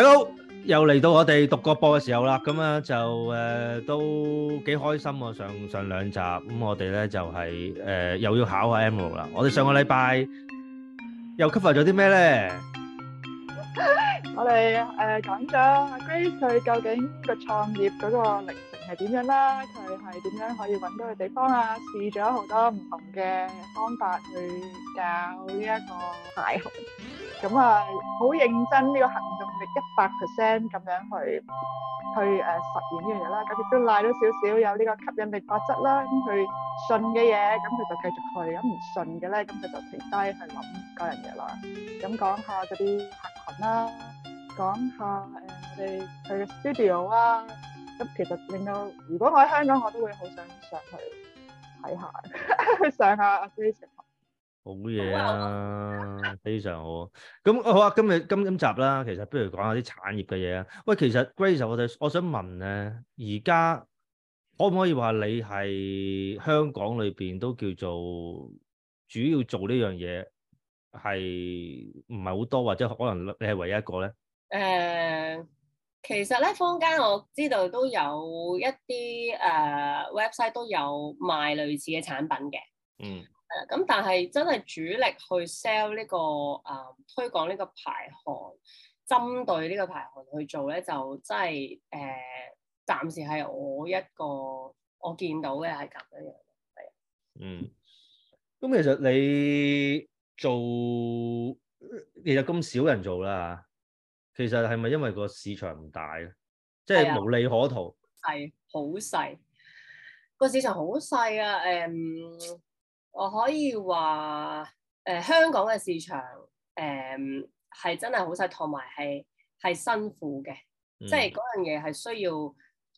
Hello 又嚟到我哋獨角播嘅時候啦，咁啊就誒都幾開心啊！上上兩集咁我哋咧就係誒又要考下 M 六啦。我哋上個禮拜又 cover 咗啲咩咧？我哋誒講咗阿 Grace 佢究竟個創業嗰個歷程係點樣啦？佢係點樣可以搵到個地方啊？試咗好多唔同嘅方法去搞呢一個牌號。咁啊，好認真呢個行動力一百 percent 咁樣去去誒實驗呢樣嘢啦，咁亦都賴咗少少有呢個吸引力法則啦。咁佢信嘅嘢，咁佢就繼續去，咁唔信嘅咧，咁佢就停低去諗個人嘢啦。咁講下嗰啲客群啦，講下誒我哋佢嘅 studio 啦。咁其實令到如果我喺香港，我都會好想上去睇下，去上下 Grace。好嘢啊，啊非常好。咁 好啊，今日今今集啦，其實不如講下啲產業嘅嘢啊。喂，其實 Grace，我我我想問咧、啊，而家可唔可以話你係香港裏邊都叫做主要做呢樣嘢，係唔係好多或者可能你係唯一一個咧？誒、呃，其實咧，坊間我知道都有一啲誒 website 都有賣類似嘅產品嘅。嗯。係咁，但係真係主力去 sell 呢、個誒、呃，推廣呢個排行，針對呢個排行去做咧，就真係誒，暫、呃、時係我一個我見到嘅係咁樣樣嘅，係啊。嗯，咁其實你做，其實咁少人做啦，其實係咪因為個市場唔大，即係無利可圖？係好細，個市場好細啊，誒、嗯。我可以話，誒、呃，香港嘅市場，誒、呃，係真係好細，同埋係係辛苦嘅，嗯、即係嗰樣嘢係需要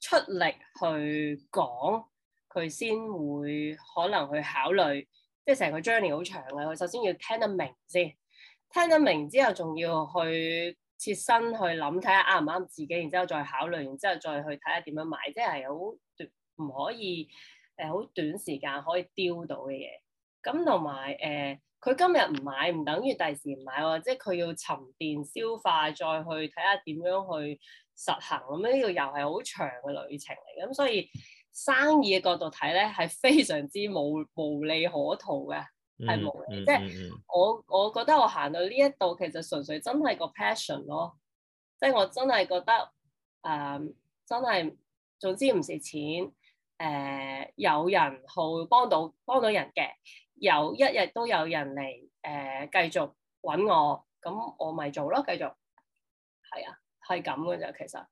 出力去講，佢先會可能去考慮，即係成個 journey 好長嘅，佢首先要聽得明先，聽得明之後，仲要去切身去諗，睇下啱唔啱自己，然之後再考慮，然之後再去睇下點樣買，即係好，唔可以。誒好短時間可以丟到嘅嘢，咁同埋誒佢今日唔買唔等於第時唔買喎，即係佢要沉澱消化，再去睇下點樣去實行咁樣，呢個又係好長嘅旅程嚟。咁所以生意嘅角度睇咧，係非常之無無利可圖嘅，係、嗯、無利。嗯、即係、嗯、我我覺得我行到呢一度，其實純粹真係個 passion 咯，即係我真係覺得誒、嗯、真係，總之唔蝕錢。誒、呃、有人好幫到幫到人嘅，有一日都有人嚟誒繼續揾我，咁我咪做咯，繼續係啊，係咁嘅啫。其實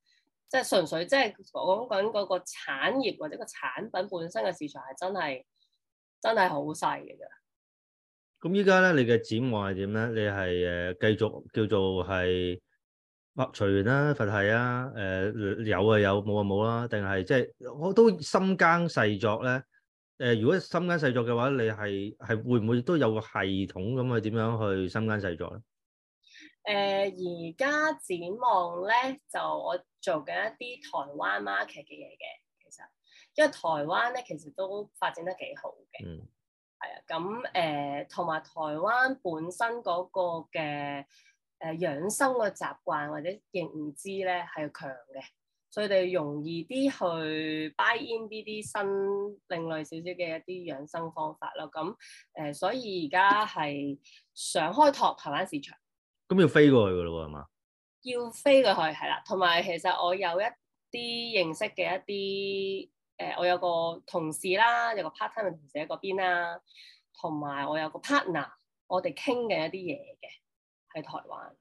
即係純粹即係講緊嗰個產業或者個產品本身嘅市場係真係真係好細嘅啫。咁依家咧，你嘅展望係點咧？你係誒繼續叫做係？隨緣啦，佛系啊，誒、呃、有啊有，冇啊冇啦，定係即係我都深耕細作咧。誒、呃，如果深耕細作嘅話，你係係會唔會都有個系統咁去點樣去深耕細作咧？誒、呃，而家展望咧，就我做緊一啲台灣 market 嘅嘢嘅，其實因為台灣咧其實都發展得幾好嘅，係啊、嗯，咁誒同埋台灣本身嗰個嘅。誒、呃、養生嘅習慣或者認知咧係強嘅，所以佢哋容易啲去 buy in 呢啲新另類少少嘅一啲養生方法咯。咁誒、呃，所以而家係想開拓台灣市場，咁要飛過去噶咯喎，係嘛？要飛過去係啦，同埋其實我有一啲認識嘅一啲誒、呃，我有個同事啦，有個 part time 同事喺嗰邊啦，同埋我有個 partner，我哋傾嘅一啲嘢嘅。喺台灣，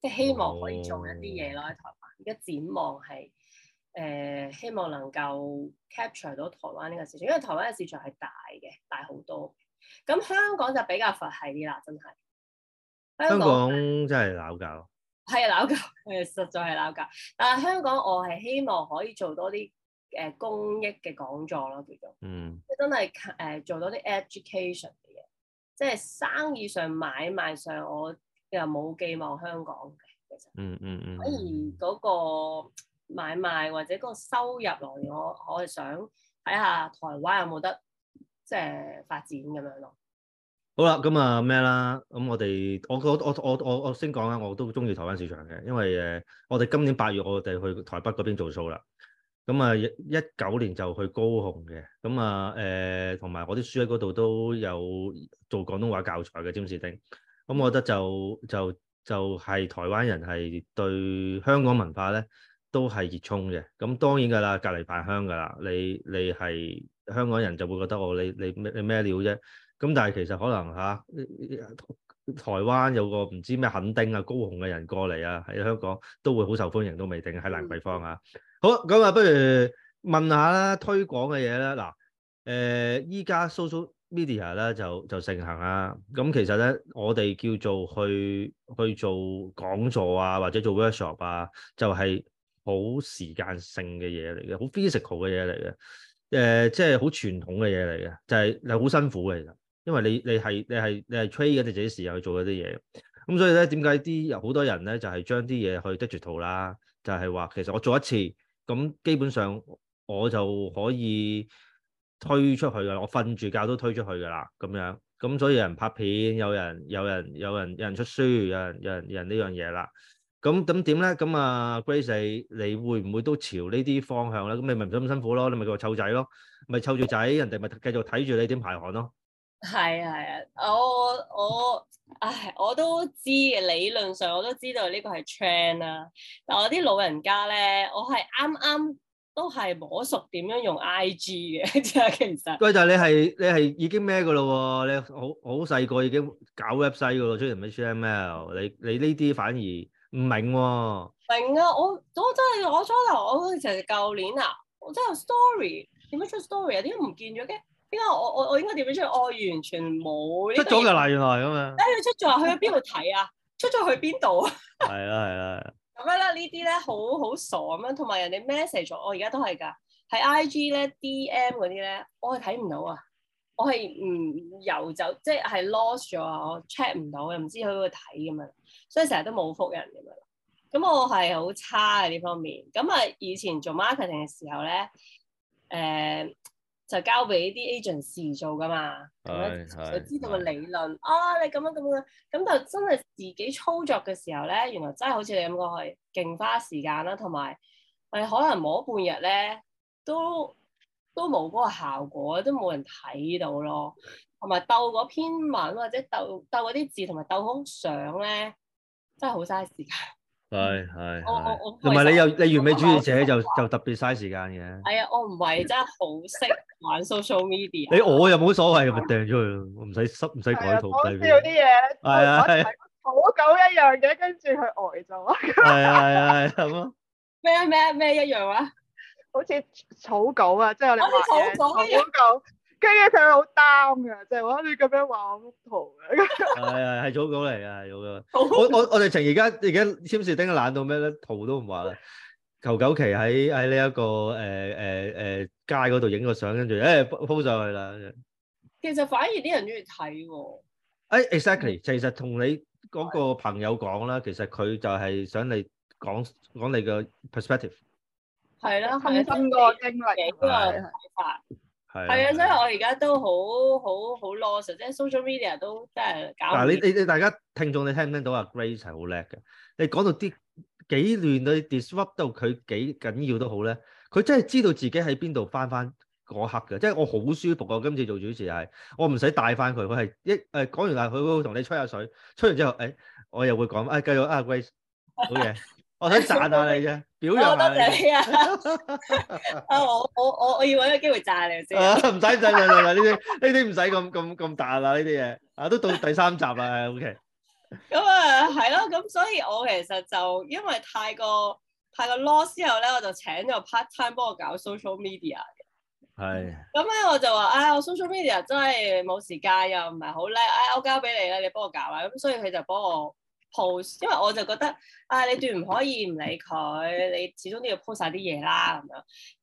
即係希望可以做一啲嘢咯。喺、oh. 台灣，而家展望係誒、呃，希望能夠 capture 到台灣呢個市場，因為台灣嘅市場係大嘅，大好多。咁香港就比較佛系啲啦，真係香，香港真係嘈交，係嘈交誒，實在係嘈交。但係香港我係希望可以做多啲誒、呃、公益嘅講座咯，叫做嗯，真係誒做多啲 education 嘅嘢，即係生意上買賣上我。又冇寄望香港嘅，其實，嗯嗯嗯，反而嗰個買賣或者嗰個收入來源，我我係想睇下台灣有冇得即係發展咁樣咯。好啦，咁啊咩啦？咁我哋我我我我我先講啦。我都中意台灣市場嘅，因為誒，我哋今年八月我哋去台北嗰邊做數啦。咁啊，一九年就去高雄嘅。咁啊誒，同、呃、埋我啲書喺嗰度都有做廣東話教材嘅詹士丁。咁、嗯、我覺得就就就係、是、台灣人係對香港文化咧都係熱衷嘅。咁、嗯、當然㗎啦，隔離扮香㗎啦。你你係香港人就會覺得哦，你你你咩料啫。咁、嗯、但係其實可能嚇、啊，台灣有個唔知咩墾丁啊、高雄嘅人過嚟啊，喺香港都會好受歡迎都未定。喺蘭桂坊啊，好，咁啊，不如問下啦，推廣嘅嘢啦。嗱，誒依家搜搜 media 咧，就就盛行啦、啊，咁其實咧我哋叫做去去做講座啊，或者做 workshop 啊，就係、是、好時間性嘅嘢嚟嘅，好 physical 嘅嘢嚟嘅，誒、呃、即係好傳統嘅嘢嚟嘅，就係你好辛苦嘅其實，因為你你係你係你係 trade 緊你自己時間去做一啲嘢，咁所以咧點解啲好多人咧就係將啲嘢去 digital 啦，就係話其實我做一次，咁基本上我就可以，推出去噶啦，我瞓住覺都推出去噶啦，咁樣咁所以有人拍片，有人有人有人有人出書，有人有人有人，有人呢樣嘢啦。咁咁點咧？咁啊，Grace，你會唔會都朝呢啲方向咧？咁你咪唔使咁辛苦咯，你咪叫我湊仔咯，咪湊住仔，人哋咪繼續睇住你點排寒咯。係啊係啊，我我唉我都知理論上我都知道呢個係 trend 啦、啊，但我啲老人家咧，我係啱啱。都係摸熟點樣用 IG 嘅啫，其實。喂，但係你係你係已經咩嘅咯喎？你好好細個已經搞 website 嘅咯，出嚟咩 HTML？你你呢啲反而唔明喎、啊。明啊，我我真係初頭，我其實舊年啊，我真係 story 點樣出 story 啊？點解唔見咗嘅？點解我我我應該點樣出去？我完全冇。出咗就係原來咁樣。誒，出咗去邊度睇啊？ 出咗去邊度？係啦，係啦。 乜啦？呢啲咧好好傻咁樣，同埋人哋 message 我，而、哦、家都係㗎，喺 IG 咧、DM 嗰啲咧，我係睇唔到啊！我係唔遊走，即係 lost 咗，我 check 唔到嘅，唔知佢喺度睇咁樣，所以成日都冇覆人咁樣。咁我係好差喺呢方面。咁、嗯、啊，以前做 marketing 嘅時候咧，誒、呃。就交俾啲 agents 做噶嘛，咁的樣就的知道個理論，的啊，你咁樣咁樣，咁就真係自己操作嘅時候咧，原來真係好似你咁講係勁花時間啦，同埋誒可能摸半日咧，都都冇嗰個效果，都冇人睇到咯。同埋鬥嗰篇文或者鬥鬥嗰啲字同埋鬥好相咧，真係好嘥時間。係係，同埋你又你完美主義者就就特別嘥時間嘅。係啊，我唔係真係好識玩 social media。你我又冇所謂，咪掟咗佢咯，唔使濕，唔使改圖，唔使。我啲嘢，係啊係啊，草稿一樣嘅，跟住佢呆咗。係啊係啊，咁咯。咩啊咩啊咩一樣啊？好似草稿啊，即係我哋話嘅草稿。跟住佢好擔㗎，就係話你咁樣話我幅圖嘅。係係係，草稿嚟㗎，久久。我我我哋情而家而家簽字丁懶到咩咧？圖都唔畫啦。求九期喺喺呢一個誒誒誒街嗰度影個相，跟住誒鋪上去啦。其實反而啲人中意睇喎。誒 exactly，其實同你嗰個朋友講啦，其實佢就係想你講講你個 perspective。係啦，開心嗰個經歷，嗰個睇法。係啊，啊所以我而家都好好好 lost，即係 social media 都真係搞。嗱，你你你大家聽眾你聽聽，你聽唔聽到啊？Grace 係好叻嘅。你講到啲幾亂，你 disrupt 到佢幾緊要都好咧。佢真係知道自己喺邊度翻翻嗰刻嘅，即係我好舒服啊！今次做主持係，我唔使帶翻佢，佢係一誒講完啦，佢會同你吹下水，吹完之後誒、哎、我又會講，誒繼續啊，Grace 好嘢。 我想、 哦、讚你下你啫，表揚下你啊！啊， 我我我我要揾個機會讚你先。唔使唔使唔使，呢啲呢啲唔使咁咁咁大啦，呢啲嘢啊都到第三集啦，OK。咁啊、嗯，係、嗯、咯，咁所以我其實就因為太過太過 loss 之後咧，我就請咗 part time 幫我搞 social media 嘅。係是。咁咧我就話：唉、哎，我 social media 真係冇時間又唔係好叻，唉、哎，我交俾你啦，你幫我搞啦。咁所以佢就幫我。post，因為我就覺得啊，你斷唔可以唔理佢，你始終都要 po 晒啲嘢啦咁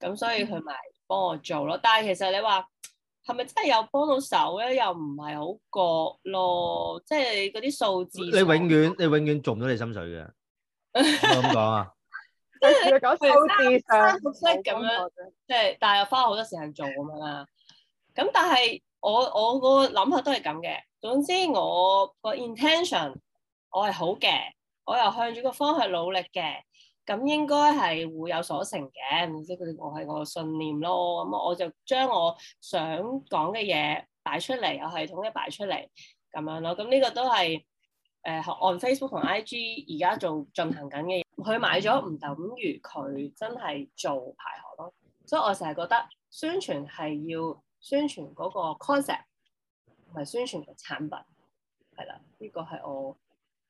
樣，咁所以佢咪幫我做咯。但係其實你話係咪真係有幫到手咧？又唔係好覺咯，即係嗰啲數字你。你永遠你永遠做唔到你心水嘅，咁講 啊，即係 數字上咁樣，即係但係花好多時間做咁樣啊。咁、嗯、但係我我嗰個諗法都係咁嘅。總之我個 intention。我係好嘅，我又向住個方向努力嘅，咁應該係會有所成嘅。即係我係我嘅信念咯。咁我就將我想講嘅嘢擺出嚟，我係統一擺出嚟咁樣咯。咁呢個都係誒喺 Facebook 同 IG 而家做進行緊嘅嘢。佢買咗唔等於佢真係做排學排寒咯。所以我成日覺得宣傳係要宣傳嗰個 concept 唔係宣傳個產品係啦。呢個係我。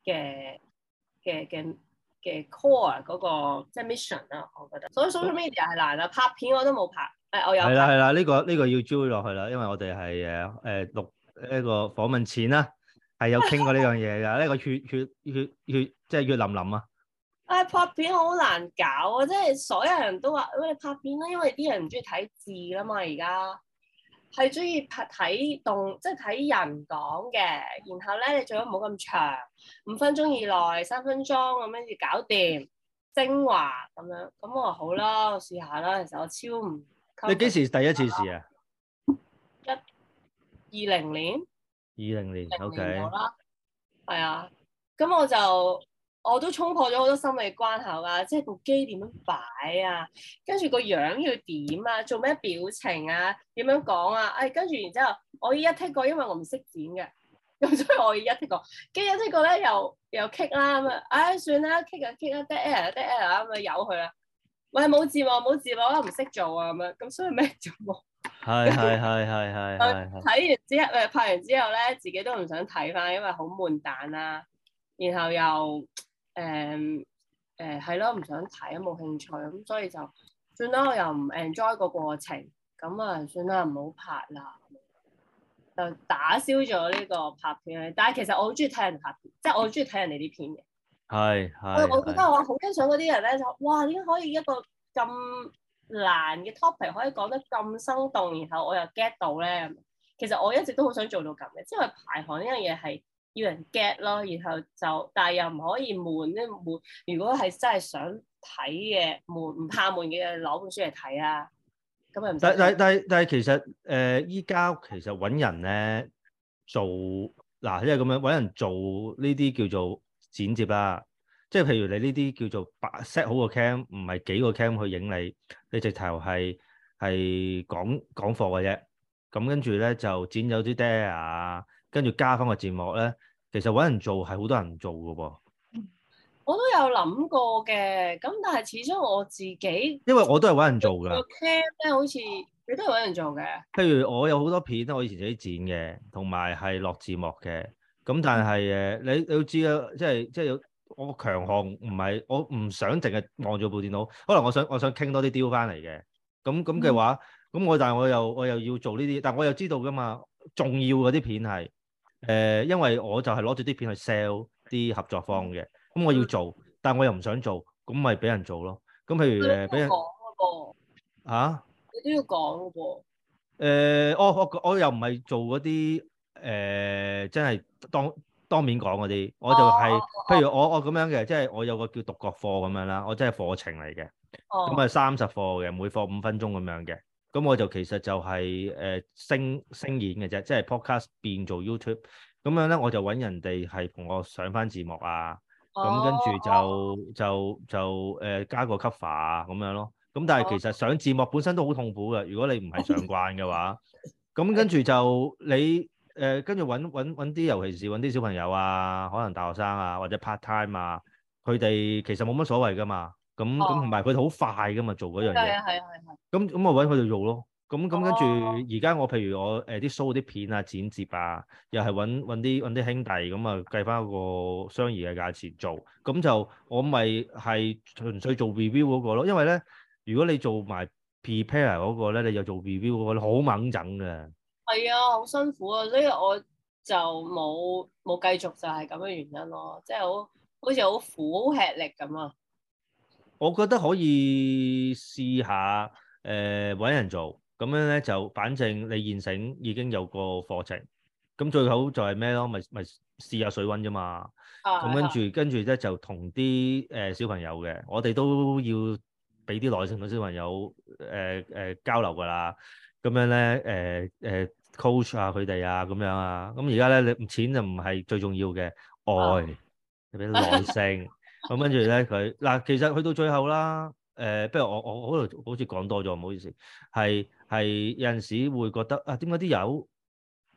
嘅嘅嘅嘅 core 嗰、那個即係 mission 啦，我覺得，所以 social media 係難啦，拍片我都冇拍，誒、哎、我有係啦係啦，呢、這個呢、這個要追落去啦，因為我哋係誒誒錄一個訪問前啦，係有傾過呢樣嘢㗎，呢 個血血血血即係血淋淋啊！啊、哎、拍片好難搞啊，即係所有人都話喂拍片啦、啊，因為啲人唔中意睇字啦嘛而家。係中意拍睇動，即係睇人講嘅。然後咧，你最好冇咁長，五分鐘以內，三分鐘咁樣要搞掂精華咁樣。咁、嗯、我話好啦，我試下啦。其實我超唔～你幾時第一次試啊？一二零年。二零年 OK。好啦。係啊，咁、嗯、我就。我都衝破咗好多心理關口啊，即係部機點樣擺啊，跟住個樣要點啊，做咩表情啊，點樣講啊，誒，跟住然之後我依家踢過，因為我唔識剪嘅，咁所以我而家踢過，跟一踢過咧又又棘啦，咁啊，唉，算啦，棘啊棘啊，dead air dead air，咁啊由佢啦，喂，冇字幕，冇字幕，我唔識做啊，咁樣咁所以咩做冇，係係係係係睇完之後誒拍完之後咧，自己都唔想睇翻，因為好悶蛋啊。然後又。誒誒係咯，唔、um, uh, 想睇啊，冇興趣咁，所以就算啦。我又唔 enjoy 個過程，咁啊算啦，唔好拍啦，就打消咗呢個拍片。但係其實我好中意睇人拍片，即係我好中意睇人哋啲片嘅。係係。我我覺得我好欣賞嗰啲人咧，就哇點解可以一個咁難嘅 topic 可以講得咁生動，然後我又 get 到咧。其實我一直都好想做到咁嘅，因為排行呢樣嘢係。要人 get 咯，然後就，但係又唔可以悶咧悶。如果係真係想睇嘅悶，唔怕悶嘅攞本書嚟睇啊，咁又唔。但係但係但係但係其實誒依家其實揾人咧做，嗱，即係咁樣揾人做呢啲叫做剪接啦，即係譬如你呢啲叫做白 set 好個 cam，唔係幾個 cam 去影你，你直頭係係講講課嘅啫。咁跟住咧就剪咗啲 data，跟住加翻個字幕咧。其實搵人做係好多人做噶噃、啊，我都有諗過嘅，咁但係始終我自己因為我都係搵人做噶，個 cam 咧好似你都係搵人做嘅。譬如我有好多片咧，我以前自己剪嘅，同埋係落字幕嘅。咁但係誒、嗯，你你都知啦，即係即係有我個強項唔係我唔想淨係望住部電腦。可能我想我想傾多啲雕翻嚟嘅，咁咁嘅話，咁、嗯、我但係我又我又要做呢啲，但我又知道噶嘛，重要嗰啲片係。誒、呃，因為我就係攞住啲片去 sell 啲合作方嘅，咁、嗯、我要做，但我又唔想做，咁咪俾人做咯。咁譬如誒，俾人講喎。嚇、啊？你都要講喎。誒、呃，我我我又唔係做嗰啲誒，真係當當面講嗰啲。我就係、是，啊、譬如我我咁樣嘅，即係我有個叫獨角課咁樣啦，我即係課程嚟嘅，咁啊三十課嘅，每課五分鐘咁樣嘅。咁我就其實就係誒聲聲演嘅啫，即係 podcast 變做 YouTube 咁樣咧，我就揾人哋係同我上翻字幕啊，咁、哦、跟住就就就誒、呃、加個 cover 啊咁樣咯。咁但係其實上字幕本身都好痛苦嘅，如果你唔係上慣嘅話，咁、哦、 跟住就你誒、呃、跟住揾揾揾啲，尤其是揾啲小朋友啊，可能大學生啊或者 part time 啊，佢哋其實冇乜所謂噶嘛。咁咁同埋佢好快噶嘛，做嗰樣嘢。係係係。咁咁我揾佢度做咯。咁咁跟住，而家我譬如我誒啲掃啲片啊、剪接啊，又係揾啲啲兄弟咁啊，計翻一個商業嘅價錢做。咁就我咪係純粹做 review 嗰個咯。因為咧，如果你做埋 prepare 嗰個咧，你又做 review 嗰個，好掹整嘅。係啊，好辛苦啊，所以我就冇冇繼續就係咁嘅原因咯。即係好好似好苦、好吃力咁啊～我覺得可以試下，誒搵人做咁樣咧，就反正你現成已經有個課程，咁最好就係咩咯？咪咪試下水溫啫嘛。啊！咁跟住跟住咧，就同啲誒小朋友嘅，我哋都要俾啲耐性俾小朋友誒誒交流㗎啦。咁樣咧誒誒，coach 下佢哋啊，咁樣啊。咁而家咧，你錢就唔係最重要嘅，愛，特別耐性。咁跟住咧，佢嗱，其實去到最後啦，誒、呃，不如我我嗰好似講多咗，唔好意思，係係有陣時會覺得啊，點解啲友，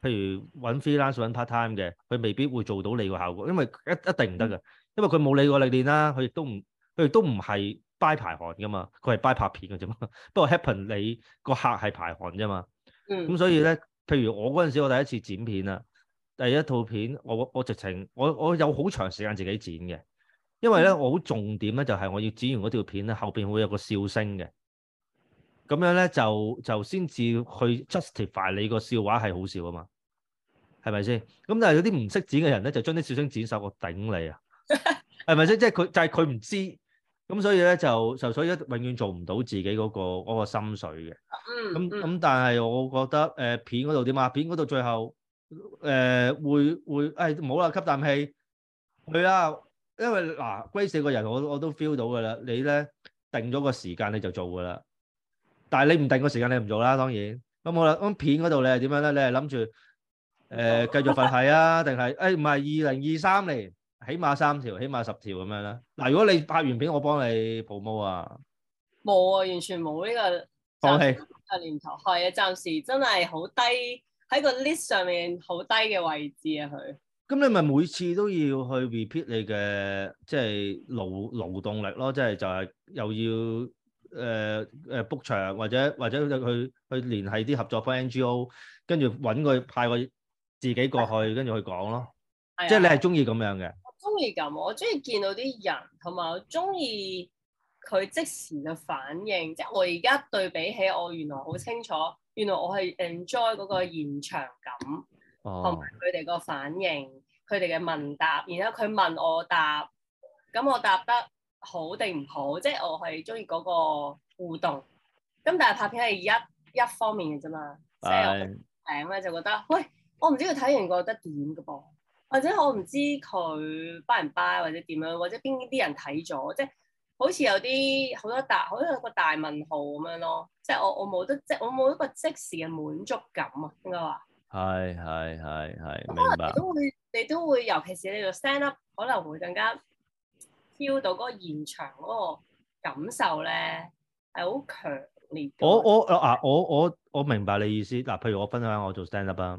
譬如揾 freelance 揾 part time 嘅，佢未必會做到你個效果，因為一一定唔得㗎，因為佢冇你個歷練啦，佢亦都唔佢亦都唔係掰排汗噶嘛，佢係掰拍片嘅啫嘛。不過 happen 你個客係排汗啫嘛，咁、嗯、所以咧，譬如我嗰陣時我第一次剪片啊，第一套片我我直情我我，我有好長時間自己剪嘅。因為咧，我好重點咧，就係、是、我要剪完嗰條片咧，後邊會有個笑聲嘅，咁樣咧就就先至去 justify 你個笑話係好笑啊嘛，係咪先？咁但係有啲唔識剪嘅人咧，就將啲笑聲剪晒我頂你啊，係咪先？即係佢就係佢唔知，咁所以咧就就所以一永遠做唔到自己嗰、嗰個嗰個心水嘅，咁咁但係我覺得誒片嗰度點啊？片嗰度最後誒、呃、會會誒冇啦，吸啖氣去啦。因為嗱，龜、啊、四個人，我我都 feel 到嘅啦。你咧定咗個時間你就做嘅啦，但係你唔定個時間你唔做啦，當然。咁我諗片嗰度你係點樣咧？你係諗住誒繼續發牌啊，定係誒唔係二零二三年起碼三條，起碼十條咁樣啦。嗱、啊，如果你拍完片，我幫你 promo 啊，冇啊，完全冇呢、這個放棄嘅念頭，係啊，暫時真係好低喺個 list 上面好低嘅位置啊，佢。咁你咪每次都要去 repeat 你嘅，即係勞勞動力咯，即係就係又要誒誒 book 場或者或者去去聯繫啲合作方 NGO，跟住揾佢派佢自己過去，的跟住去講咯。的即係你係中意咁樣嘅？中意咁，我中意見到啲人，同埋我中意佢即時嘅反應。即係我而家對比起我原來好清楚，原來我係 enjoy 嗰個現場感同埋佢哋個反應。佢哋嘅問答，然後佢問我答，咁我答得好定唔好？即係我係中意嗰個互動。咁但係拍片係一一方面嘅啫嘛，即係 Bye. 我頂咧就覺得，喂，我唔知佢睇完覺得點㗎噃，或者我唔知佢 buy 唔 buy，y, 或者點樣，或者邊啲人睇咗，即係好似有啲好多大好多個大問號咁樣咯。即係我我冇得即係我冇一個即時嘅滿足感啊，應該話。係係係係，明白。你都會，你都會，尤其是你做 stand up，可能會更加 feel 到嗰個現場嗰個感受咧，係好強烈。我我啊，我我我明白你意思。嗱，譬如我分享下我做 stand up 啊，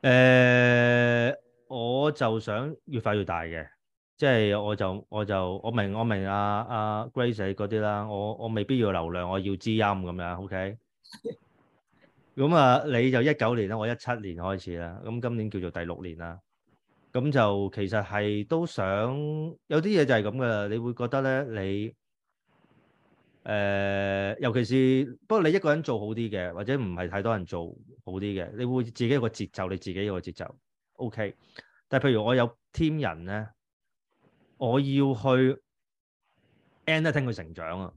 誒，我就想越快越大嘅，即係我就我就我明我明啊啊 Grace 嗰啲啦，我我未必要流量，我要知音咁樣，OK？咁啊，你就一九年啦，我一七年開始啦，咁今年叫做第六年啦。咁就其實係都想有啲嘢就係咁噶啦，你會覺得咧，你誒尤其是不過你一個人做好啲嘅，或者唔係太多人做好啲嘅，你會自己有個節奏，你自己有個節奏，OK。但係譬如我有 team 人咧，我要去 nurturing 佢成長啊，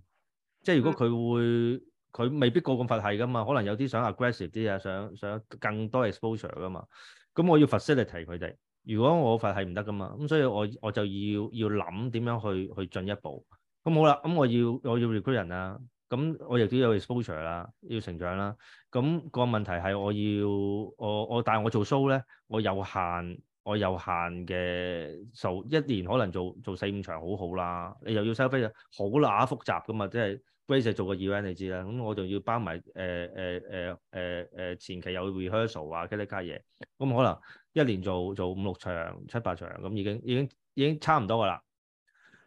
即係如果佢會。佢未必個咁快係噶嘛，可能有啲想 aggressive 啲啊，想想更多 exposure 噶嘛。咁我要 facilitate 佢哋。如果我快係唔得噶嘛，咁所以我我就要要諗點樣去去進一步。咁好啦，咁我要我要 recruit 人啦，咁我亦都有 exposure 啦，要成長啦。咁、那個問題係我要我我但係我做 show 咧，我有限我有限嘅 s 一年可能做做四五場好好啦。你又要收翻，play，好乸複雜噶嘛，即係。Grace 做個 event 你知啦，咁我仲要包埋誒誒誒誒誒前期有 rehearsal 啊，嗰呢家嘢，咁、嗯、可能一年做做五六場、七八場咁、嗯、已經已經已經差唔多噶啦。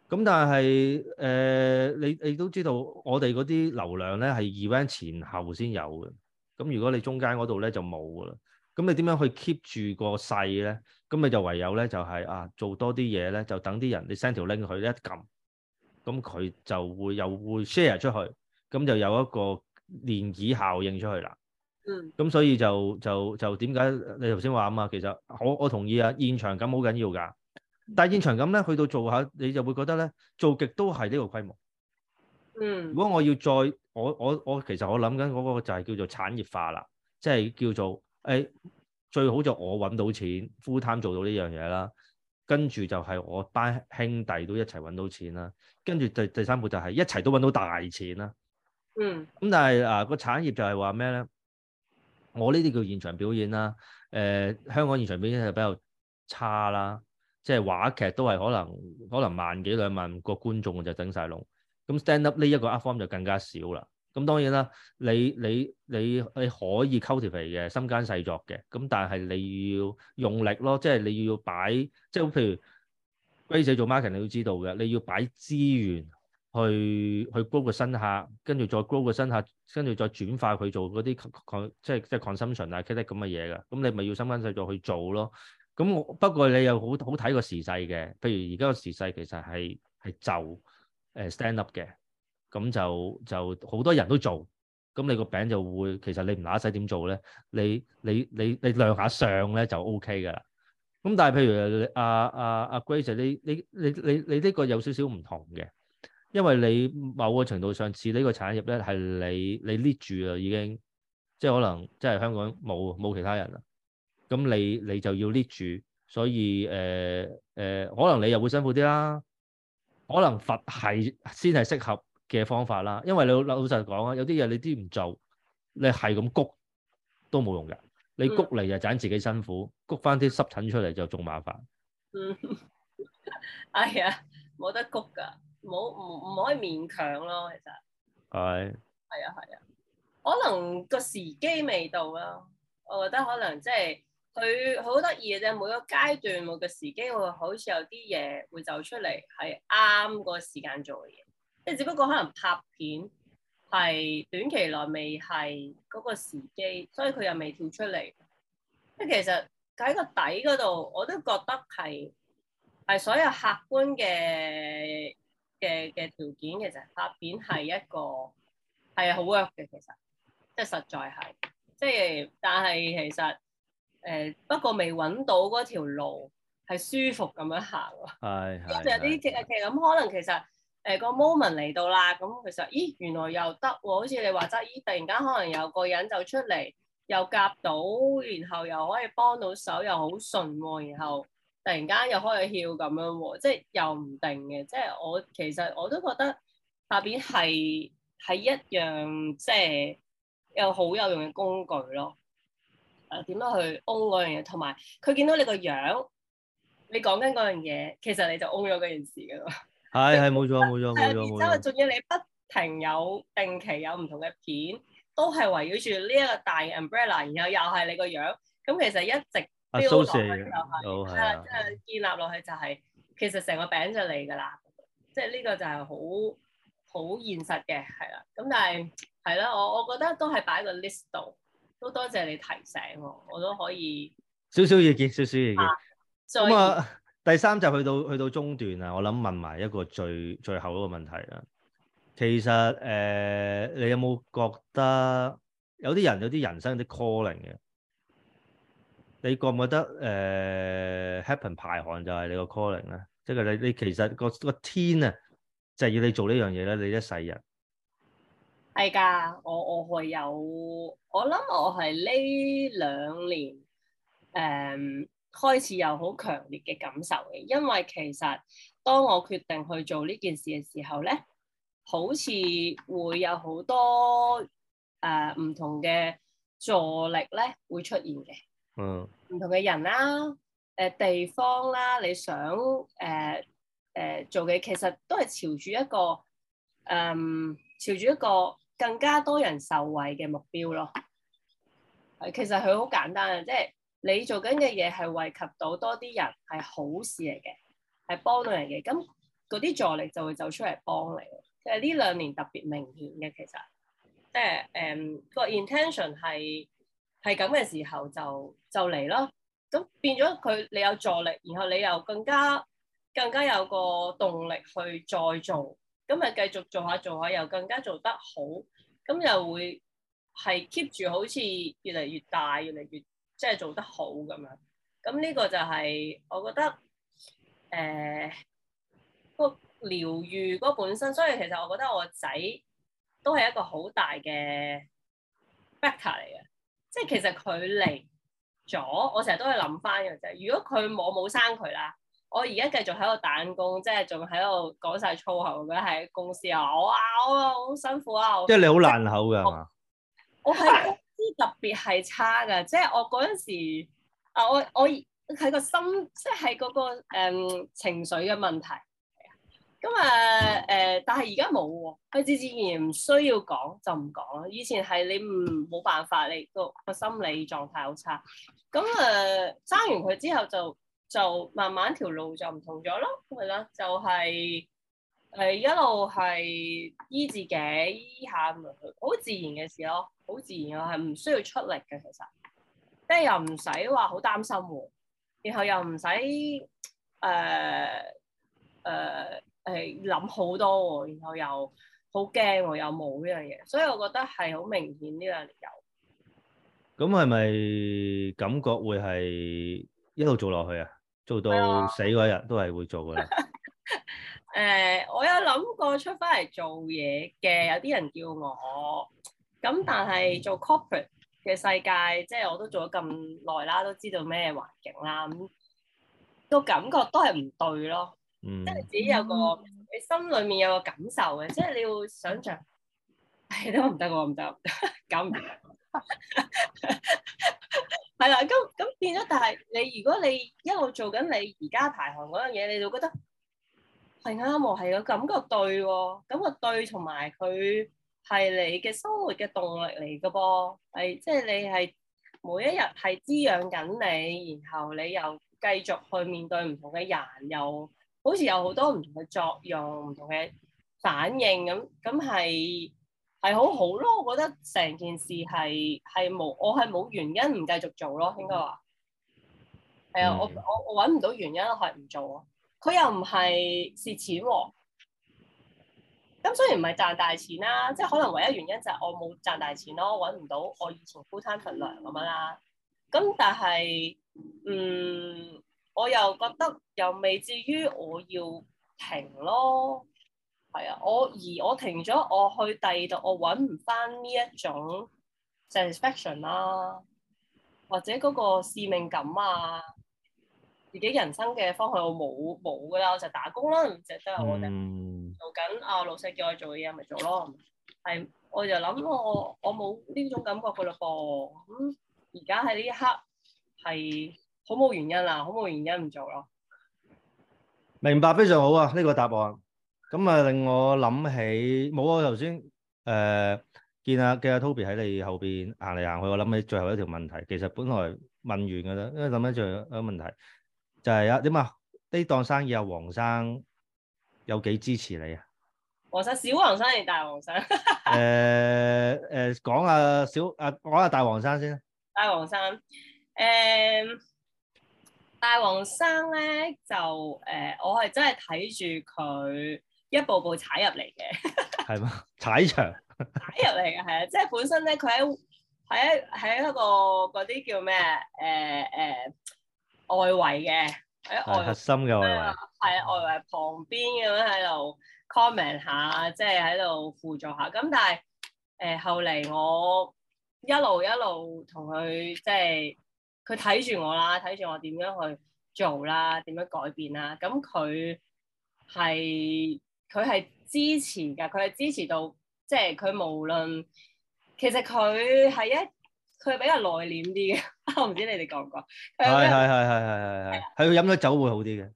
咁、嗯、但係誒、呃、你你都知道我哋嗰啲流量咧係 event 前後先有嘅，咁、嗯、如果你中間嗰度咧就冇噶啦。咁、嗯、你點樣去 keep 住個勢咧？咁、嗯、你就唯有咧就係、是、啊做多啲嘢咧，就等啲人你 send 條 link 佢一撳。咁佢就會又會 share 出去，咁就有一個漣漪效應出去啦。嗯，咁所以就就就點解你頭先話啊嘛？其實我我同意啊，現場感好緊要㗎。但係現場感咧，去到做下你就會覺得咧，做極都係呢個規模。嗯。如果我要再我我我其實我諗緊嗰個就係叫做產業化啦，即係叫做誒最好就我揾到錢 full time 做到呢樣嘢啦。跟住就係我班兄弟都一齊揾到錢啦，跟住第第三步就係一齊都揾到大錢啦。嗯。咁但係啊個產業就係話咩咧？我呢啲叫現場表演啦。誒、呃、香港現場表演就比較差啦，即係話劇都係可能可能萬幾兩萬個觀眾就頂晒龍。咁 stand up 呢一個 art form 就更加少啦。咁當然啦，你你你你可以 cultivate 嘅，心間細作嘅，咁但係你要用力咯，即係你要擺，即係譬如龜仔做 market，你都知道嘅，你要擺資源去去 grow 個新客，跟住再 grow 個新客，跟住再轉化去做嗰啲即係即係 consumption 啊 k a t 咁嘅嘢㗎，咁你咪要心間細作去做咯。咁我不過你又好好睇個時勢嘅，譬如而家個時勢其實係係就誒、呃、stand up 嘅。咁就就好多人都做，咁你個餅就會其實你唔乸使點做咧？你你你你量下相咧就 O K 㗎啦。咁但係譬如你阿阿阿 Grace，你你你你你呢個有少少唔同嘅，因為你某個程度上似呢個產業咧，係你你 lead 住啊已經，即係可能即係香港冇冇其他人啦。咁你你就要 lead 住，所以誒誒、呃呃、可能你又會辛苦啲啦，可能佛係先係適合。嘅方法啦，因為老老老實講啊，有啲嘢你啲唔做，你係咁谷都冇用㗎。你谷嚟就盞自己辛苦，谷翻啲濕疹出嚟就仲麻煩。嗯，哎呀，冇得谷噶，冇唔唔可以勉強咯，其實。係。係啊係啊，可能個時機未到啦。我覺得可能即係佢好得意嘅啫，每個階段每個時機會好似有啲嘢會走出嚟，係啱個時間做嘅嘢。即係只不過可能拍片係短期內未係嗰個時機，所以佢又未跳出嚟。即係其實喺個底嗰度，我都覺得係係所有客觀嘅嘅嘅條件，其實拍片係一個係好 work 嘅，其實即係實在係。即係但係其實誒、呃、不過未揾到嗰條路係舒服咁、啊 就係、樣行咯。係係。跟住有啲劇劇咁，可能其實。誒個 moment 嚟到啦，咁其實咦，原來又得喎，好似你話齋咦，突然間可能有個人就出嚟又夾到，然後又可以幫到手，又好順喎，然後突然間又開咗竅咁樣喎、哦，即係又唔定嘅。即係我其實我都覺得拍片係係一樣即係又好有用嘅工具咯。誒點樣去 own 嗰樣嘢，同埋佢見到你個樣，你講緊嗰樣嘢，其實你就 own 咗嗰件事噶啦。係係冇錯冇錯冇錯，然之後仲要你不停有定期有唔同嘅片，都係圍繞住呢一個大 umbrella，然後又係你個樣，咁其實一直 building 就係，啊，建立落去就係，其實成個餅就嚟㗎喇，即係呢個就係好好現實嘅，係啦，咁但係，係啦，我我覺得都係擺喺個 list 度，都多謝你提醒我，我都可以少少意見少少意見，咁啊。第三就去到去到中段啊，我諗問埋一個最最後一個問題啦。其實誒、呃，你有冇覺得有啲人有啲人生有啲 calling 嘅？你覺唔覺得誒，happen、呃、 排寒就係你個 calling 咧？即係你你其實、那個個天啊，就係、是、要你做呢樣嘢咧。你一世人係噶，我我係有，我諗我係呢兩年誒。嗯開始有好強烈嘅感受嘅，因為其實當我決定去做呢件事嘅時候咧，好似會有好多誒唔、呃、同嘅助力咧會出現嘅。嗯，唔同嘅人啦、啊，誒、呃、地方啦、啊，你想誒誒、呃呃、做嘅，其實都係朝住一個誒、呃、朝住一個更加多人受惠嘅目標咯。係、呃，其實佢好簡單呀，即係。你做緊嘅嘢係惠及到多啲人，係好事嚟嘅，係幫到人嘅。咁嗰啲助力就會走出嚟幫你。其實呢兩年特別明顯嘅，其實即係誒個 intention 係係咁嘅時候就就嚟咯。咁變咗佢，你有助力，然後你又更加更加有個動力去再做，咁咪繼續做下做下又更加做得好，咁又會係 keep 住好似越嚟越大，越嚟越～即係做得好咁樣，咁呢個就係我覺得，誒、欸個療愈嗰本身，所以其實我覺得我個仔都係一個好大嘅 factor 嚟嘅。即係其實佢嚟咗，我成日都係諗翻嘅啫。如果佢我冇生佢啦，我而家繼續喺度打緊工，即係仲喺度講晒粗口我覺得喺公司啊！我啊，好辛苦啊！即係你好爛口㗎我係。我 特別係差嘅，即係我嗰陣時，啊我我喺個心，即係嗰個誒情緒嘅問題。咁啊誒，但係而家冇喎，佢自自然然唔需要講就唔講咯。以前係你唔冇辦法，你個個心理狀態好差。咁啊生完佢之後就就慢慢條路就唔同咗咯，係啦，就係。誒一路係醫自己，醫下咁就去，好自然嘅事咯，好自然啊，係唔需要出力嘅其實，即係又唔使話好擔心喎，然後又唔使誒誒誒諗好多喎，然後又好驚喎，又冇呢樣嘢，所以我覺得係好明顯呢樣有。咁係咪感覺會係一路做落去啊？做到死嗰日都係會做㗎。 誒、呃，我有諗過出翻嚟做嘢嘅，有啲人叫我咁，但係做 corporate 嘅世界，即係我都做咗咁耐啦，都知道咩環境啦，咁、個感覺都係唔對咯，嗯、即係自己有個、嗯、你心裡面有個感受嘅，即係你要想像，誒都唔得我唔得，搞唔掂，係 啦， 咁咁變咗，但係你如果你一路做緊你而家排寒嗰樣嘢，你就覺得。係啱喎，係個感覺對喎，感覺對同埋佢係你嘅生活嘅動力嚟嘅噃，係即係你係每一日係滋養緊你，然後你又繼續去面對唔同嘅人，又好似有好多唔同嘅作用、唔同嘅反應咁，咁係係好好咯。我覺得成件事係係冇我係冇原因唔繼續做咯，應該話係啊，我我我揾唔到原因係唔做咯。佢又唔係蝕錢喎，哦，咁雖然唔係賺大錢啦，啊，即係可能唯一原因就係我冇賺大錢咯，揾唔到我以前 full time 份糧咁樣啦。咁但係，嗯，我又覺得又未至於我要停咯，係啊，我而我停咗，我去第二度，我揾唔翻呢一種 satisfaction 啦，啊，或者嗰個使命感啊。自己人生嘅方向我冇冇噶啦，我就打工啦，唔值得我哋做緊啊老細叫我做嘅嘢咪做咯，係我就諗我我冇呢種感覺噶咯噃，咁而家喺呢一刻係好冇原因啊，好冇原因唔做咯。明白非常好啊，呢個答案咁啊令我諗起冇啊頭先誒見阿見阿 Toby 喺你後邊行嚟行去，我諗起最後一條問題，其實本來問完噶啦，因為諗起最後一條問題。就係啊點啊？呢檔、啊、生意啊，黃生有幾支持你啊？黃生小黃生定大黃生？誒誒，講 下、呃呃啊、小誒，講、啊、下、啊、大黃生先。大黃生誒，uh, 大黃生咧就誒，uh, 我係真係睇住佢一步步踩入嚟嘅。係 咩？踩場？ 踩入嚟嘅係啊，即係本身咧，佢喺喺喺一個嗰啲叫咩誒誒？Uh, uh, 外圍嘅喺外核心嘅外圍，係外圍旁邊咁樣喺度 comment 下，即係喺度輔助下。咁但係誒、呃、後嚟我一路一路同佢即係佢睇住我啦，睇住我點樣去做啦，點樣改變啦。咁佢係佢係支持㗎，佢係支持到即係佢無論其實佢係一。佢係比較內斂啲嘅，我唔知你哋講唔講。係係係係係係係，佢飲咗酒會好啲嘅。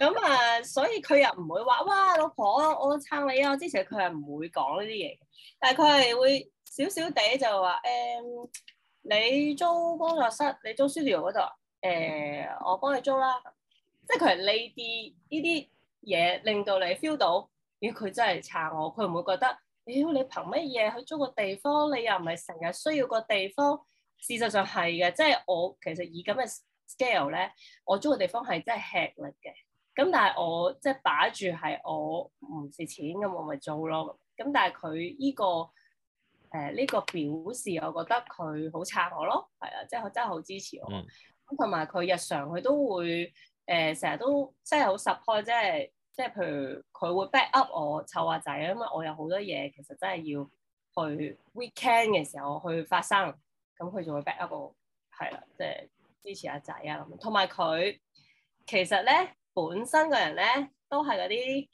咁啊，所以佢又唔會話哇，老婆我撐你啊。之前佢係唔會講呢啲嘢，但係佢係會少少地就話誒、欸，你租工作室，你租 studio 嗰度誒，我幫你租啦。即係佢係呢啲呢啲嘢令到你 feel 到，咦、欸、佢真係撐我，佢唔會覺得。屌、哎，你憑乜嘢去租個地方？你又唔係成日需要個地方，事實上係嘅，即係我其實以咁嘅 scale 咧，我租個地方係真係吃力嘅。咁但係我即係把住係我唔蝕錢咁，我咪租咯。咁但係佢依個誒呢個表示，我覺得佢好撐我咯，係啊，即係真係好支持我。咁同埋佢日常佢都會誒成日都即係好 support，即係。即係譬如佢會 back up 我湊阿仔，因為我有好多嘢其實真係要去 weekend 嘅時候去發生，咁佢就會 back up 我係啦，即係支持阿仔啊咁。同埋佢其實咧本身個人咧都係嗰啲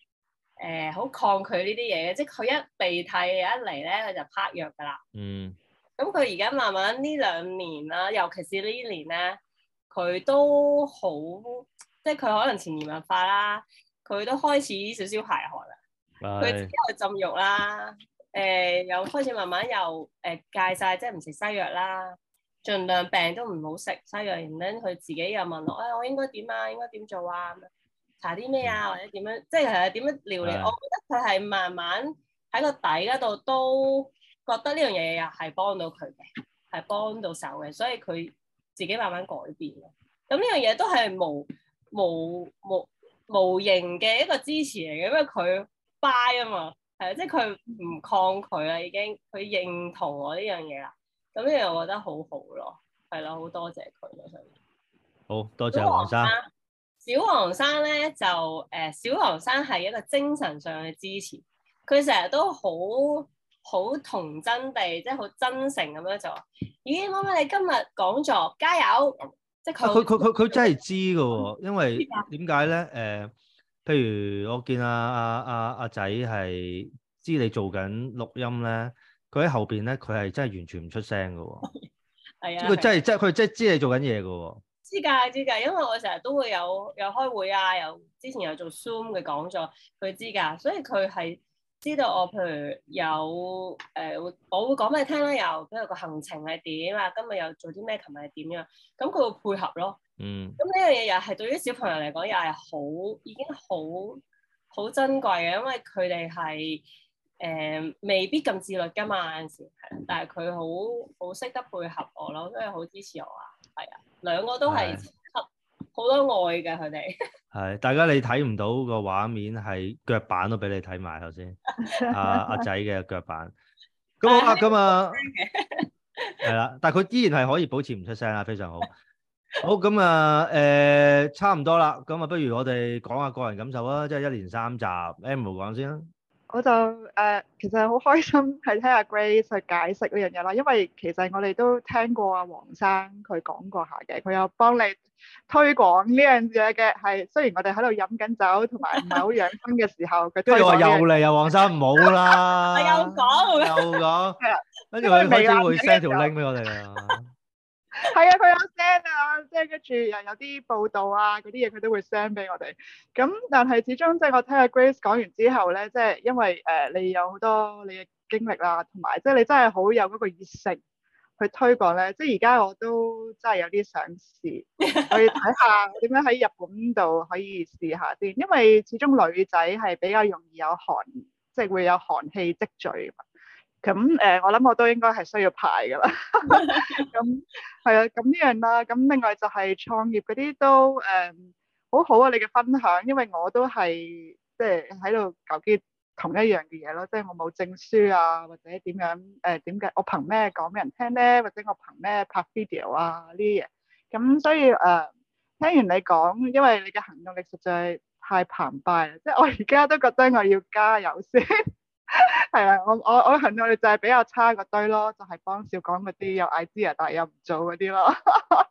誒好抗拒呢啲嘢嘅，即係佢一鼻涕一嚟咧，佢就拍藥噶啦。嗯。咁佢而家慢慢呢兩年啦，尤其是呢年咧，佢都好即係佢可能潛移默化啦。佢都開始少少排汗啦，佢的自己又浸浴啦，誒、呃、又開始慢慢又誒、呃、戒晒，即係唔食西藥啦，儘量病都唔好食西藥。然後佢自己又問我，哎，我應該點啊？應該點做啊？搽啲咩啊？的或者點樣？即係點樣料理？的我覺得佢係慢慢喺個底嗰度都覺得呢樣嘢又係幫到佢嘅，係幫到手嘅，所以佢自己慢慢改變咯。咁呢樣嘢都係冇冇冇，無形嘅一個支持嚟嘅，因為佢 buy 啊嘛，係啊，即係佢唔抗拒啦，已經佢認同我呢樣嘢啦，咁所以我覺得好好咯，係啦，好多謝佢啊，上面好多謝黃生，小黃生咧就誒，小黃生係、呃、一個精神上嘅支持，佢成日都好好童真地，即係好真誠咁樣就話，咦，媽媽你今日講座加油。即佢佢佢佢真係知噶，因為點解咧？誒、呃，譬如我見阿阿阿阿仔係知你做緊錄音咧，佢喺後邊咧，佢係真係完全唔出聲噶。係啊 的，佢真係的真佢真係知你做緊嘢噶。知噶知噶，因為我成日都會有有開會啊，有之前有做 Zoom 嘅講座，佢知噶，所以佢係。知道我譬如有誒、呃，我會講俾你聽啦。又比如個行程係點啊，今日又做啲咩，琴日係點樣。咁佢會配合咯。嗯。咁呢樣嘢又係對於小朋友嚟講又係好已經好好珍貴嘅，因為佢哋係誒未必咁自律噶嘛，有時係啦。但係佢好好識得配合我咯，因為好支持我啊。係啊，兩個都係。好多愛嘅佢哋係，大家你睇唔到個畫面，係腳板都俾你睇埋頭先，阿、阿仔嘅腳板，咁好啊，咁啊，係啦， 但係佢依然係可以保持唔出聲啊，非常好，好，咁啊，誒、呃，差唔多啦，咁啊不如我哋講下個人感受啊，即、就、係、是、一連三集，M 講先啦。我就誒、呃，其實好開心係聽阿 Grace 去解釋呢樣嘢啦，因為其實我哋都聽過阿黃生佢講過下嘅，佢又幫你推廣呢樣嘢嘅。係雖然我哋喺度飲緊酒同埋唔係好養生嘅時候，佢都係話又嚟啊，黃生唔好啦，又講，又講，跟住佢開始會 send 條 link 俾我哋啊。係 啊，佢有 send 啊，即係跟住又有啲報道啊，嗰啲嘢佢都會 send 俾我哋。咁但係始終即係我聽阿 Grace 講完之後咧，即係因為誒、呃、你有好多你嘅經歷啦，同埋即係你真係好有嗰個熱誠去推廣咧。即係而家我都真係有啲想試，去睇下點樣喺日本度可以試下先，因為始終女仔係比較容易有寒，即係會有寒氣積聚。咁誒、呃，我諗我都應該係需要排㗎啦。咁係啊，咁呢樣啦。咁、嗯、另外就係創業嗰啲都誒好、嗯、好啊！你嘅分享，因為我都係即係喺度搞啲同一樣嘅嘢咯，即係我冇證書啊，或者點樣誒點解？我憑咩講俾人聽咧？或者我憑咩拍 video 啊？呢啲嘢咁，所以誒、呃、聽完你講，因為你嘅行動力實在太澎湃啦，即係我而家都覺得我要加油先。 係啊，我我我行，我哋就係比較差嗰堆咯，就係幫忙講嗰啲有 idea 但係又唔做嗰啲咯。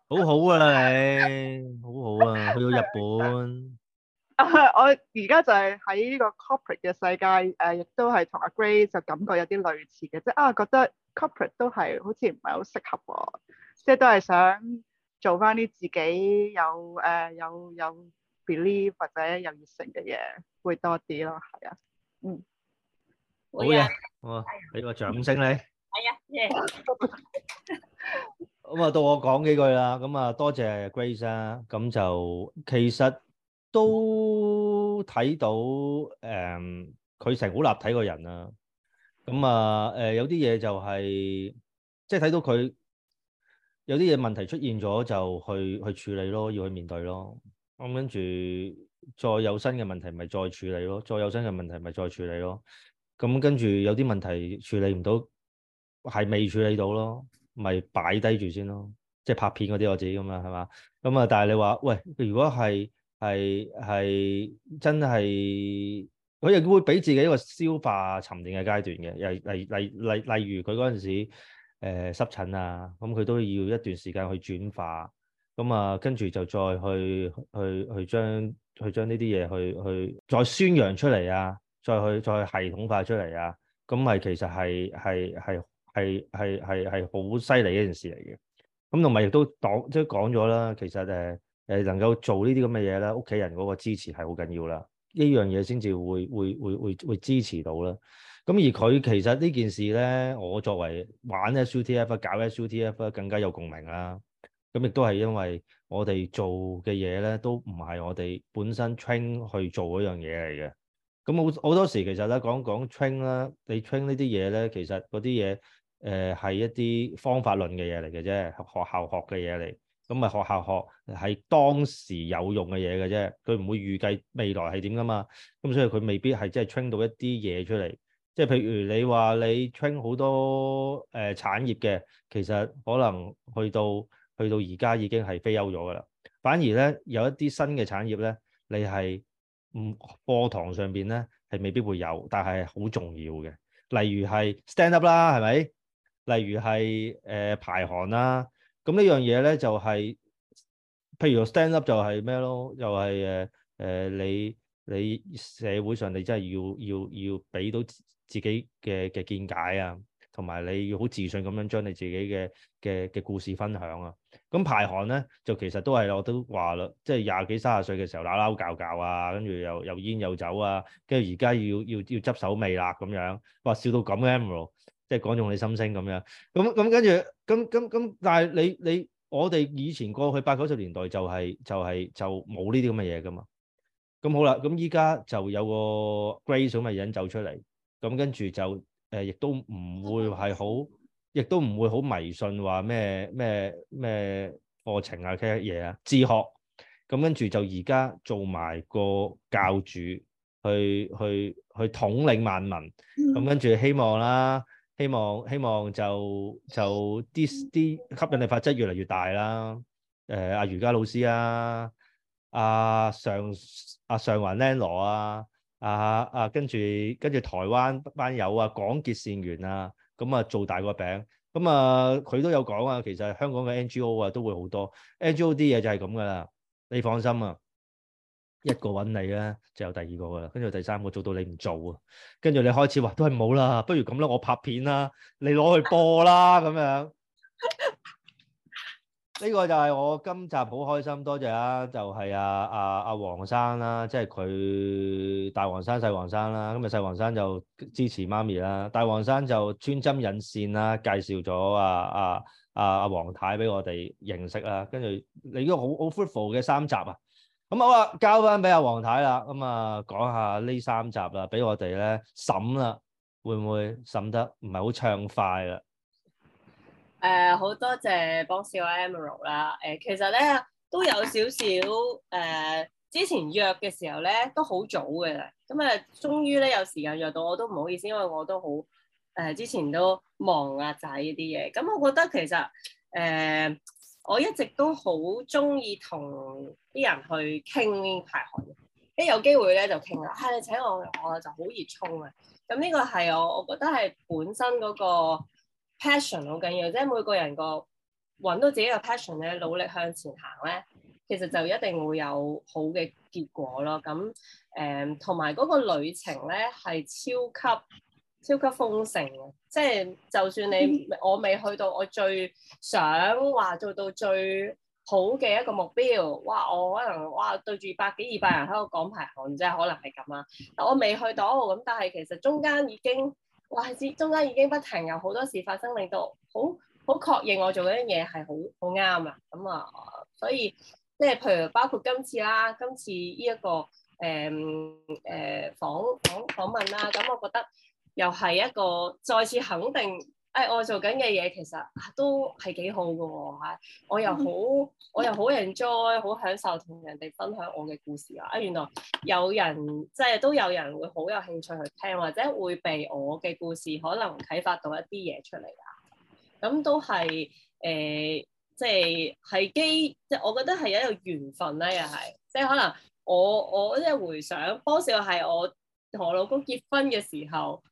好好啊 你，好好啊，去到日本。 啊、我而家就係喺呢個 corporate 嘅世界，誒、啊，亦都係同阿 Grace 就感覺有啲類似嘅，即係啊，我覺得 corporate 都係好似唔係好適合我，即、就、係、是、都係想做翻啲自己有誒、啊、有有，有 believe 或者有熱誠嘅嘢，會多啲咯，係啊，嗯。好嘢，哇、oh yeah！俾個掌聲你。係啊，咁啊，到我講幾句啦。咁啊，多謝 Grace 啊。咁就其實都睇到誒，佢成好立體個人啊。咁啊，誒、呃，有啲嘢就係即係睇到佢有啲嘢問題出現咗，就去去處理咯，要去面對咯。咁跟住再有新嘅問題，咪再處理咯；再有新嘅問題，咪再處理咯。咁跟住有啲問題處理唔到，係未處理到咯，咪擺低住先咯。即係拍片嗰啲我自己咁樣係嘛。咁啊，但係你話喂，如果係係係真係，佢又會俾自己一個消化沉澱嘅階段嘅。例例例例例如佢嗰陣時誒、呃、濕疹啊，咁、嗯、佢都要一段時間去轉化。咁、嗯、啊，跟住就再去去去將去將呢啲嘢去去，去，去再宣揚出嚟啊！再去再系統化出嚟啊！咁咪其實係係係係係係係好犀利一件事嚟嘅。咁同埋亦都講即係講咗啦，其實誒誒能夠做呢啲咁嘅嘢咧，屋企人嗰個支持係好緊要啦。呢樣嘢先至會會會會會支持到啦。咁而佢其實呢件事咧，我作為玩 SUTF 啊、搞 SUTF 更加有共鳴啦。咁亦都係因為我哋做嘅嘢咧，都唔係我哋本身 train 去做嗰樣嘢嚟嘅。咁好好多時其呢講講呢，其實咧講講 train 啦，你 train 呢啲嘢咧，其實嗰啲嘢誒係一啲方法論嘅嘢嚟嘅啫，學校學嘅嘢嚟。咁咪學校學係當時有用嘅嘢嘅啫，佢唔會預計未來係點㗎嘛。咁所以佢未必係真係 train 到一啲嘢出嚟。即係譬如你話你 train 好多誒、呃、產業嘅，其實可能去到去到而家已經係 phase out 咗㗎啦。反而咧有一啲新嘅產業咧，你係。嗯，課堂上邊咧係未必會有，但係好重要嘅。例如係 stand up 啦，係咪？例如係誒、呃、排寒啦，咁呢樣嘢咧就係、是，譬如 stand up 就係咩咯？又係誒誒，你你社會上你真係要要要俾到自己嘅嘅見解啊。同埋你要好自信咁樣將你自己嘅嘅嘅故事分享啊！咁排寒咧就其實都係我都話啦，即係廿幾三十歲嘅時候，拉拉教教啊，跟住又又煙又酒啊，跟住而家要要要執手尾啦咁樣，話笑到咁嘅，即係講中你心聲咁樣。咁咁跟住咁咁咁，但係你你我哋以前過去八九十年代就係、係、就係、係、就冇呢啲咁嘅嘢噶嘛。咁好啦，咁依家就有個 Grace 咁嘅人走出嚟，咁跟住就。誒，亦、呃、都唔會係好，亦都唔會好迷信話咩咩咩課程啊，其嘢啊，自學。咁跟住就而家做埋個教主去，去去去統領萬民。咁跟住希望啦，希望希望就就啲啲吸引力法則越嚟越大啦。誒、呃，阿瑜伽老師啊，阿、啊、上阿、啊、上環 l e n 羅啊。啊啊，跟住跟住，台灣班友啊，廣結善緣啊，咁啊做大個餅，咁啊佢都有講啊，其實香港嘅 NGO 啊都會好多 NGO 啲嘢就係咁噶啦，你放心啊，一個揾你咧就有第二個噶啦，跟住第三個做到你唔做啊，跟住你開始話都係冇啦，不如咁啦，我拍片啦，你攞去播啦咁樣。呢個就係我今集好開心，多謝啦！就係、是、啊啊啊黃生啦，即係佢大黃生、細黃生啦。今日細黃生就支持媽咪啦，大黃生就穿針引線啦，介紹咗啊啊啊啊黃太俾我哋認識啦。跟住你都好好 fruitful 嘅三集啊！咁、嗯、好啦，交翻俾阿黃太啦，咁啊講下呢三集啦，俾我哋咧審啦，會唔會審得唔係好暢快啦？誒好、呃、多謝幫小 Emerald 啦！誒、啊、其實咧都有少少誒，之前約嘅時候咧都好早嘅啦。咁、嗯、誒，終於咧有時間約到我都唔好意思，因為我都好誒、呃，之前都忙啊仔呢啲嘢。咁、嗯、我覺得其實誒、呃，我一直都好中意同啲人去傾排寒，一、嗯、有機會咧就傾啦。你、哎、請我，我就好熱衷嘅。咁、嗯、呢、這個係我，我覺得係本身嗰、那個。passion 好緊要，即係每個人個揾到自己個 passion 咧，努力向前行咧，其實就一定會有好嘅結果咯。咁誒，同埋嗰個旅程咧係超級超級豐盛嘅，即係就算你我未去到，我最想話做到最好嘅一個目標，哇！我可能哇對住百幾二百人喺度講排寒即係，可能係咁啊。我未去到，咁但係其實中間已經。或者中間已經不停有好多事發生，令到好好確認我做嗰啲嘢係好好啱啊！咁啊，所以即係譬如包括今次啦，今次呢、這、一個誒誒訪訪訪問啦，咁我覺得又係一個再次肯定。誒、哎、我做緊嘅嘢其實都係幾好㗎喎，我又好我又好 enjoy 好享受同人哋分享我嘅故事啊！啊原來有人即係、就是、都有人會好有興趣去聽，或者會被我嘅故事可能啟發到一啲嘢出嚟啊！咁都係誒，即係係基即係我覺得係一個緣分啦，又係即係可能我我即係回想，當時係我同我老公結婚嘅時候。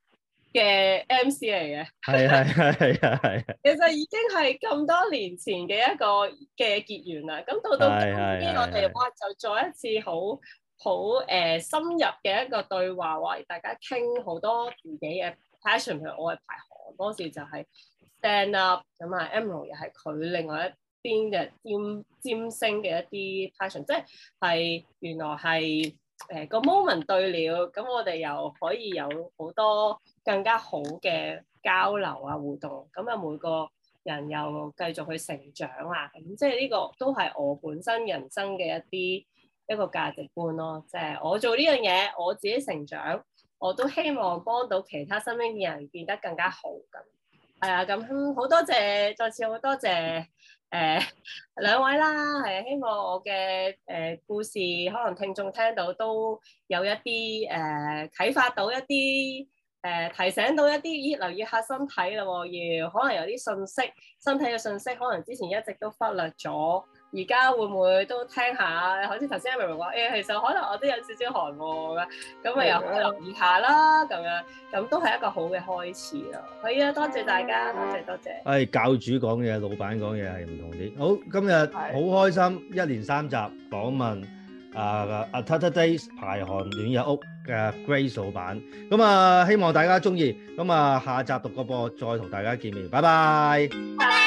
嘅 MC 嚟嘅，係係係係係，其實已經係咁多年前嘅一個嘅結緣啦。咁到到呢個地方， 就再一次好好誒深入嘅一個對話，話大家傾好多自己嘅 passion。譬如我係排寒嗰時就係 stand up，咁啊 Emmy 又係佢另外一邊嘅占占星嘅一啲 passion，即係係原來係。誒，個 moment、呃、對了，咁我哋又可以有好多更加好嘅交流啊、互動，咁啊每個人又繼續去成長啊，咁即係呢個都係我本身人生嘅一啲一個價值觀咯，即、就、係、是、我做呢樣嘢，我自己成長，我都希望幫到其他身邊嘅人變得更加好咁，係、哎、啊，咁好、嗯、多謝，再次好多謝。誒兩、呃、位啦，誒希望我嘅誒、呃、故事，可能聽眾聽到都有一啲誒啟發到一啲誒、呃、提醒到一啲，咦留意下身體啦，要可能有啲信息，身體嘅信息可能之前一直都忽略咗。而家會唔會都聽下？好似頭先阿明明話，誒其實可能我都有少少寒喎，咁啊又可以留意下啦，咁樣咁都係一個好嘅開始咯。係啊，多謝大家，多謝多謝。係教主講嘢，老闆講嘢係唔同啲。好，今日好開心，一連三集訪問啊啊，Atata Days 排寒暖日屋嘅 Grace 老闆。咁啊，希望大家中意。咁啊，下集獨角播，再同大家見面，拜拜。